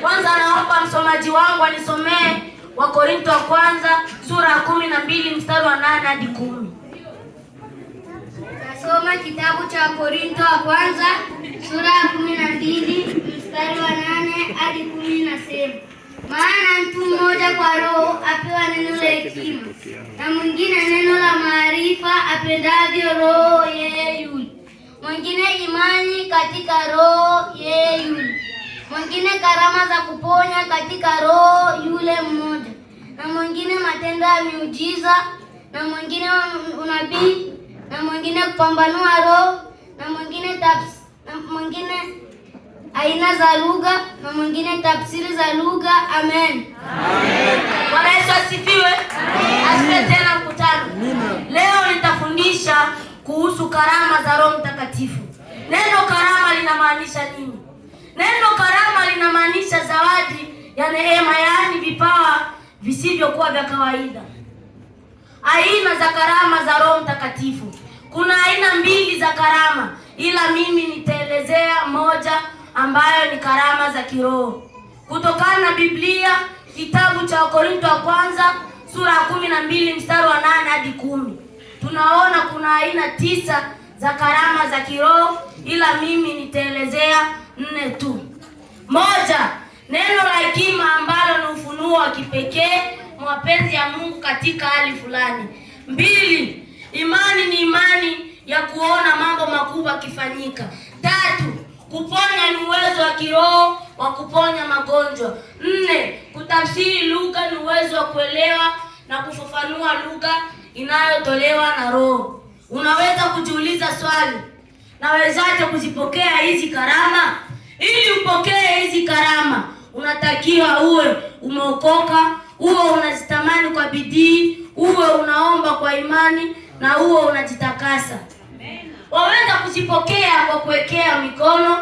Kwanza naomba msomaji wangu anisomee korinto wa kwanza sura ya kumi na mbili mstari wa nane hadi kumi. Nasoma kitabu cha Korinto wa kwanza sura ya kumi na mbili mstari wa nane hadi kumi nasema maana mtu mmoja kwa Roho apewa neno la hekima, na mwingine neno la maarifa apendavyo Roho yeye yule, mwingine imani katika Roho yeye yule mwingine karama za kuponya katika roho yule mmoja, na mwingine matendo ya miujiza, na mwingine unabii, na mwingine kupambanua roho, na mwingine tafsiri, na mwingine aina za lugha, na mwingine tafsiri za lugha. Amen, amen. Bwana Yesu asifiwe. Asante tena mkutano. Leo nitafundisha kuhusu karama za Roho Mtakatifu. Neno karama linamaanisha nini? kumaanisha zawadi ya neema, yaani vipawa visivyokuwa vya kawaida. Aina za karama za Roho Mtakatifu. Kuna aina mbili za karama, ila mimi nitaelezea moja ambayo ni karama za kiroho kutokana na Biblia, kitabu cha Wakorinto wa kwanza sura ya kumi na mbili mstari wa nane hadi kumi tunaona kuna aina tisa za karama za kiroho, ila mimi nitaelezea nne tu. Moja, neno la hekima ambalo ni ufunuo wa kipekee mapenzi ya Mungu katika hali fulani. Mbili, imani ni imani ya kuona mambo makubwa kifanyika. Tatu, kuponya ni uwezo wa kiroho wa kuponya magonjwa. Nne, kutafsiri lugha ni uwezo wa kuelewa na kufafanua lugha inayotolewa na Roho. Unaweza kujiuliza swali, nawezaje kuzipokea hizi karama? usipokee hizi karama, unatakiwa uwe umeokoka, uwe unazitamani kwa bidii, uwe unaomba kwa imani na uwe unajitakasa. Waweza kuzipokea kwa kuwekea mikono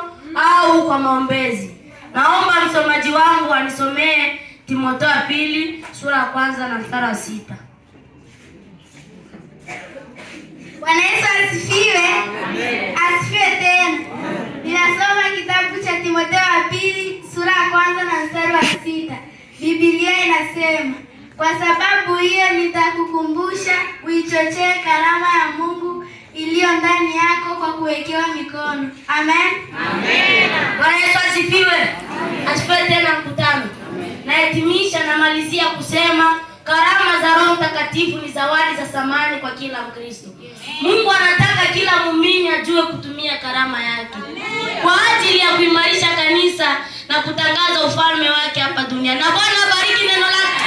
au kwa maombezi. Naomba msomaji wangu anisomee Timotheo ya pili sura ya kwanza na mstari wa sita. Bwana Yesu asifiwe. Asifiwe tena. Pili sura ya kwanza na mstari wa sita Biblia inasema kwa sababu hiyo nitakukumbusha uichochee karama ya Mungu iliyo ndani yako kwa kuwekewa mikono. Amen, amen. Bwana Yesu asifiwe, asifiwe tena mkutano. Nahitimisha, namalizia kusema karama za Roho Mtakatifu ni zawadi za samani kwa kila Mkristo. Mungu anataka kila muumini ajue kutumia karama yake kwa ajili ya kuimarisha na kutangaza ufalme wake hapa duniani. Na Bwana bariki neno lake.